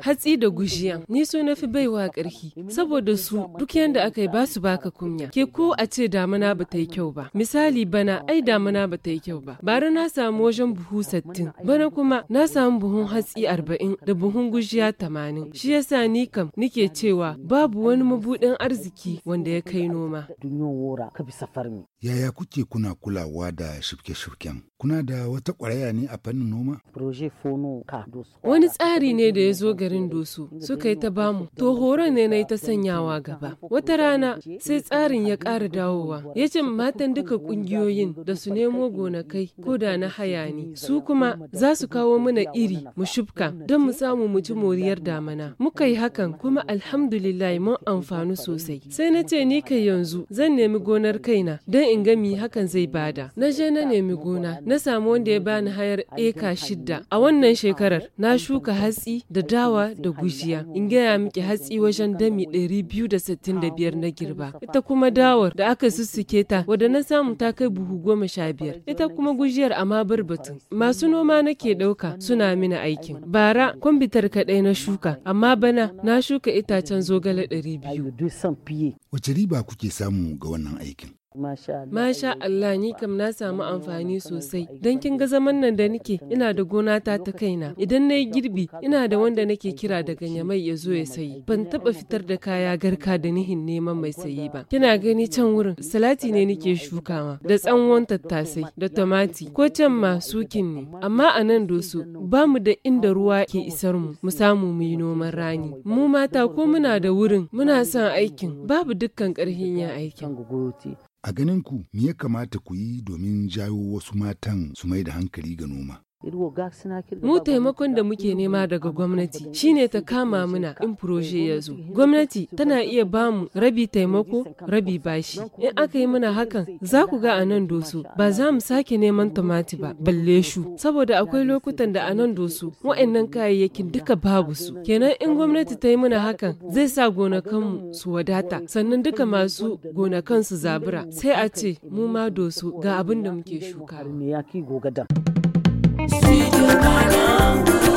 Hatsi da gujiya ni so na fi baiwa karhi saboda su duk yanda aka yi ba su baka kunya. Ke ko a ce damana ba ta yi kyau ba. Misali bana ai damana ba ta yi kyau ba. Bara na samu wajen buhu sattin bana kuma na samu buhun hatsi arba'in da buhun gujiya tamanin. Shi yasa ni kam nike cewa babu wani mabuɗin arziki wanda ya kai noma. Yaya kuke kuna kulawa da shirke-shirken? Kuna da wata ƙwaraya ne a fannin noma? Fono wani tsari ne da ya zo garin doso suka yi ta bamu to horon ne na yi ta sanyawa gaba wata rana sai tsarin ya ƙara dawowa ya ce matan duka ƙungiyoyin da su nemo gonakai ko da na haya ne su kuma za su kawo mana iri mu shubka don mu samu mu ci moriyar damana muka yi hakan kuma alhamdulillah mun amfani sosai sai na ce ni kai yanzu zan nemi gonar kaina don in ga mi hakan zai bada na je na nemi gona na samu wanda ya bani hayar eka shidda a wannan shekarar na Na shuka hatsi da dawa da gujiya. In gaya miki hatsi wajen dami ɗari biyu da sittin da biyar na girba. Ita kuma dawar da aka sussuke ta wadda na samu ta kai buhu goma sha biyar. Ita kuma gujiyar amma batun Masu noma nake ɗauka suna mini aikin. Bara kwambitar kaɗai na shuka amma bana na shuka itacen zogale ɗari biyu. Wace riba kuke samu ga wannan aikin? Masha Allah ni kam na samu amfani sosai don kin ga zaman nan da nake ina da gona ta ta kaina idan na yi girbi ina da wanda nake kira daga nyamai ya zo ya sayi ban taba fitar da kaya garka da nihin neman mai sayi ba kina gani can wurin salati ne nake shukawa da tsanwon tattasai da tomati ko can ma sukin ne amma a nan dosu ba mu da inda ruwa ke isar mu mu samu mu yi noman rani mu mata ko muna da wurin muna son aikin babu dukkan karhin yin aikin A ganin ku me ya kamata ku yi domin jawo wasu matan su mai da hankali ga noma? Mu taimakon da muke nema daga gwamnati shine ta kama muna in proje ya zo. Gwamnati tana iya bamu rabi taimako rabi bashi. In aka yi muna hakan za ku ga a nan doso ba za mu sake neman tumati ba balle shu saboda akwai lokutan da a nan doso wa'annan kayayyakin duka babu su. Kenan in gwamnati ta yi muna hakan zai sa gonakanmu su wadata sannan duka masu gonakan su zabura sai a ce mu ma doso ga abin da muke shuka. Si Dieu m'a